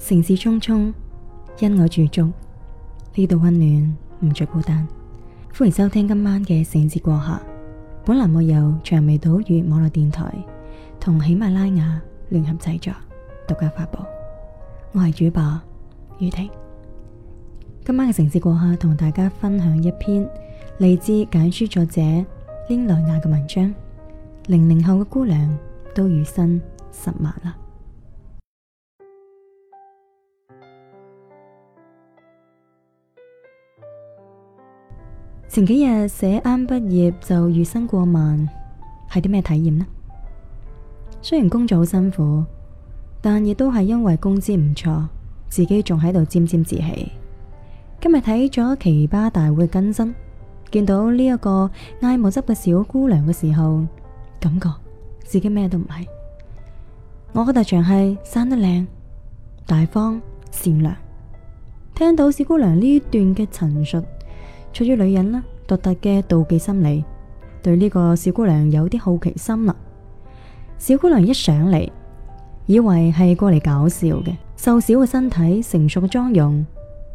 城市匆匆，因我駐足，呢度溫暖，唔再孤單。歡迎收聽今晚嘅城市過客，本欄目由長尾島與網絡電台同喜馬拉雅聯合製作、獨家發布。我係主播宇婷，今晚嘅城市過客同大家分享一篇嚟自簡書作者 Lea 萊雅嘅文章。零零後嘅姑娘都月薪十萬啦。前幾日寫啱畢業就月薪過萬，係啲咩體驗呢？雖然工作好辛苦，但亦都係因為工資唔錯，自己仲喺度沾沾自喜。今日睇咗奇葩大會更新，見到呢一個嗌冇汁嘅小姑娘嘅時候，感覺自己咩都唔係。我嘅特長係生得靚、大方、善良。聽到小姑娘呢段嘅陳述。出於女人啦，獨特嘅妒忌心理，對呢個小姑娘有啲好奇心啦。小姑娘一上嚟，以為係過嚟搞笑嘅，瘦小嘅身體，成熟嘅妝容，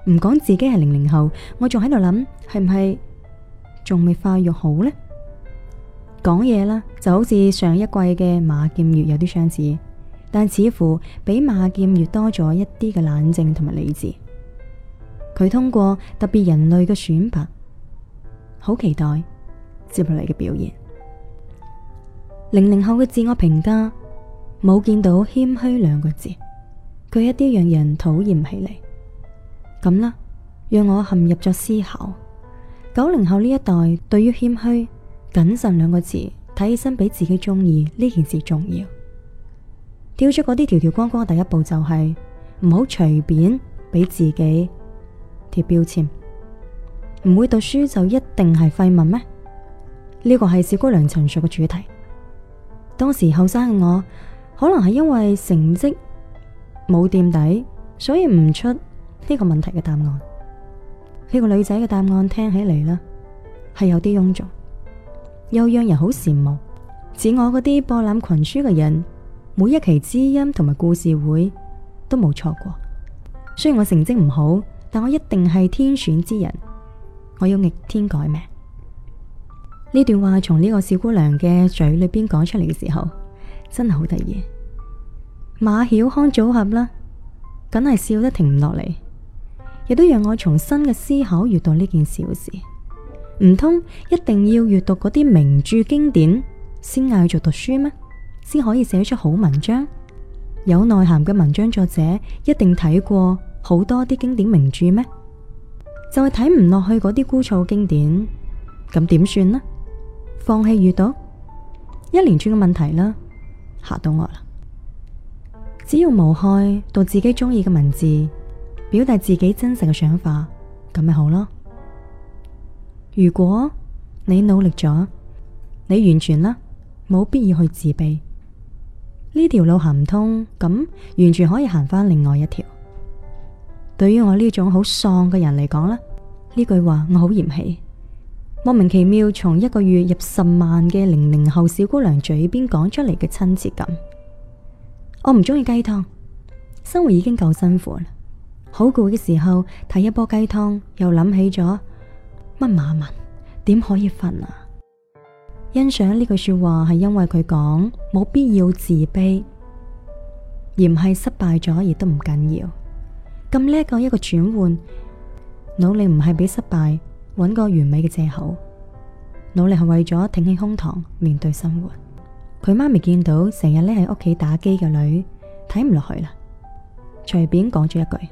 唔講自己係零零後，我仲喺度諗係唔係仲未化育好呢？講嘢啦，就好似上一季嘅馬劍月有啲相似，但似乎比馬劍月多咗一啲嘅冷靜同埋理智。佢通過特別人類嘅選拔，好期待接落嚟嘅表現。零零後嘅自我評價冇見到謙虛兩個字，佢一啲讓人討厭起嚟咁啦，讓我陷入咗思考。九零後呢一代對於謙虛、謹慎兩個字睇起身，比自己中意呢件事重要。跳出嗰啲條條框框，第一步就係唔好隨便俾自己貼標籤，唔會讀書就一定係廢物咩？呢個係小姑娘陳述嘅主題。當時後生嘅我，可能係因為成績冇墊底，所以唔出呢個問題嘅答案。呢個女仔嘅答案聽起嚟呢，係有啲庸俗，又讓人好羨慕。自我嗰啲博覽群書嘅人，每一期知音同埋故事會都冇錯過。雖然我成績唔好。但我一定係天選之人，我要逆天改命。呢段話從呢個小姑娘嘅嘴裏邊講出嚟嘅時候，真係好得意。馬曉康組合啦，梗係笑得停唔落嚟，亦都讓我重新嘅思考閱讀呢件小事。唔通一定要閱讀嗰啲名著經典先嗌做讀書咩？先可以寫出好文章？有內涵嘅文章作者一定睇過。好多啲經典名著咩？就係睇唔落去嗰啲枯燥經典，咁點算呢？放棄閱讀，一連串嘅問題啦，嚇到我啦！只要無害到自己中意嘅文字，表達自己真實嘅想法，咁咪好咯。如果你努力咗，你完全啦，冇必要去自卑。呢條路行唔通，咁完全可以行翻另外一條。對於我呢種好喪嘅人嚟講啦，呢句話我好嫌棄。莫名其妙從一個月入十萬嘅零零後小姑娘嘴邊講出嚟嘅親切感，我唔中意雞湯，生活已經夠辛苦啦。好攰嘅時候睇一波雞湯，又諗起咗乜馬文點可以瞓啊？欣賞呢句說話係因為佢講冇必要自卑，而唔係失敗咗亦都唔緊要。咁叻一個一個轉換，努力唔係俾失敗，揾個完美嘅借口。努力係為咗挺起胸膛面對生活。佢媽咪見到成日匿喺屋企打機嘅女，睇唔落去啦。隨便講咗一句：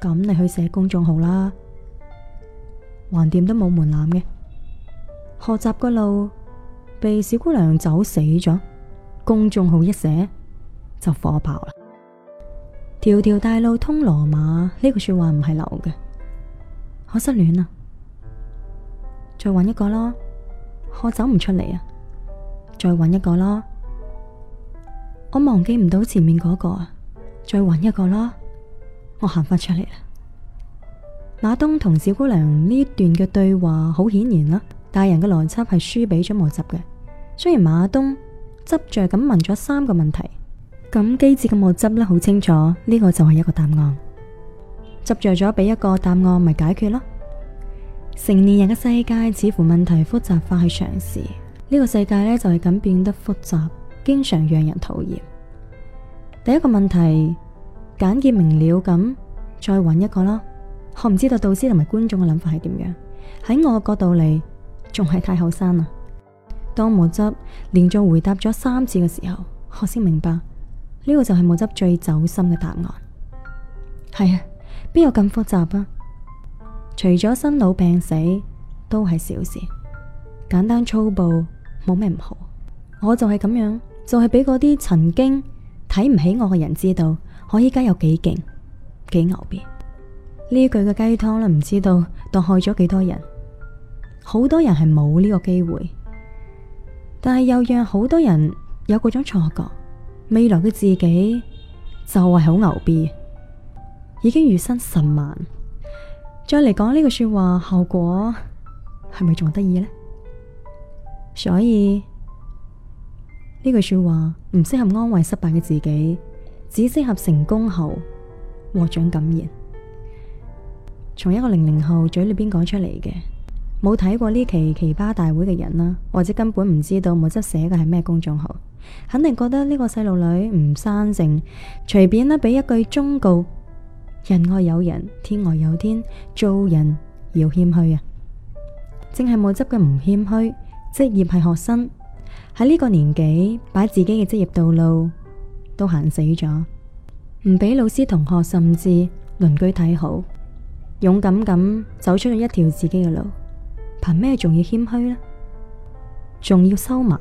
咁你去寫公眾號啦，橫掂都冇門檻嘅。學習嘅路被小姑娘走死咗，公眾號一寫就火爆啦。條條大路通羅馬，呢個說話唔係流嘅。我失戀啦，再搵一個咯。我走唔出嚟啊，再搵一個咯。我忘記唔到前面嗰個啊，再搵一個啦！我行翻出嚟啦。馬東同小姑娘呢一段嘅對話，好顯然啦，大人嘅邏輯係輸俾咗邏輯嘅，雖然馬東執着咁問咗三個問題。咁機智嘅莫執咧，好清楚，呢個就係一個答案。執着咗俾一個答案，咪解決咯。成年人嘅世界似乎問題複雜化去嘗試，呢個世界呢，就係咁變得複雜，經常讓人討厭。第一個問題簡潔明了咁，再揾一個啦。我唔知道導師同埋觀眾嘅諗法係點樣。喺我嘅角度嚟，仲係太後生啊。當莫執連續回答咗三次嘅時候，我先明白。呢個就係木執最走心嘅答案，係啊，邊有咁複雜啊？除咗生老病死，都係小事，簡單粗暴冇咩唔好。我就係咁樣，就係俾嗰啲曾經睇唔起我嘅人知道，我依家有幾勁，幾牛逼。呢句嘅雞湯咧，唔知道當害咗幾多人，好多人係冇呢個機會，但係又讓好多人有嗰種錯覺。未來嘅自己就係、是、好牛逼，已經月薪十萬。再嚟講呢句說話，效果係咪仲得意呢？所以呢句說話唔適合安慰失敗嘅自己，只適合成功後獲獎感言。從一個零零後嘴裏邊講出嚟嘅。冇睇過呢期奇葩大會嘅人啦，或者根本唔知道冇執寫嘅係咩公眾號，肯定覺得呢個細路女唔生性，隨便咧俾一句忠告：人外有人，天外有天，做人要謙虛啊！正係冇執嘅唔謙虛，職業係學生喺呢個年紀，把自己嘅職業道路都行死咗，唔俾老師同學甚至鄰居睇好，勇敢咁走出咗一條自己嘅路。憑咩仲要謙虛呢？仲要收埋？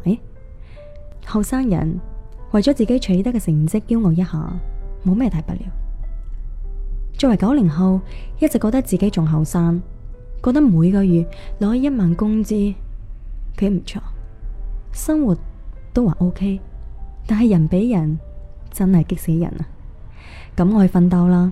後生人為咗自己取得嘅成績驕傲一下，冇咩大不了。作為九零後，一直覺得自己仲後生，覺得每個月攞一萬工資，幾唔錯，生活都還 OK。但係人比人，真係激死人啊！咁我去奮鬥啦。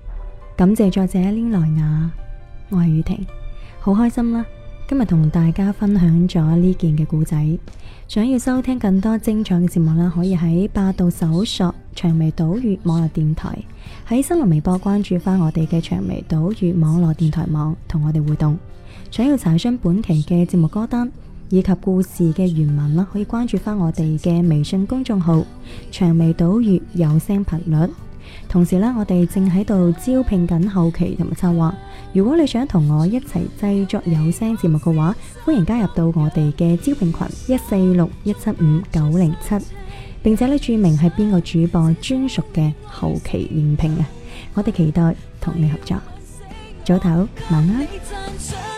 感謝作者 Lea 萊雅，我係宇婷，好開心啦！今日同大家分享咗呢件嘅故仔。想要收聽更多精彩嘅節目啦，可以喺百度搜索長尾島月網絡電台，喺新浪微博關注翻我哋嘅長尾島月網絡電台網，同我哋互動。想要查詢本期嘅節目歌單以及故事嘅原文啦，可以關注翻我哋嘅微信公眾號長尾島月有聲頻率。同時咧，我哋正喺度招聘緊後期同埋策劃。如果你想同我一齊製作有聲節目嘅話，歡迎加入到我哋嘅招聘群一四六一七五九零七，7，並且咧注明係邊個主播專屬嘅後期應聘啊！我哋期待同你合作。早唞，晚安。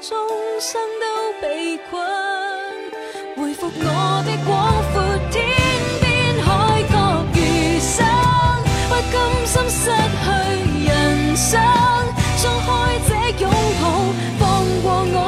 終生都被困，回復我的廣闊天邊海角餘生，不甘心失去人生，鬆開這擁抱，放過我。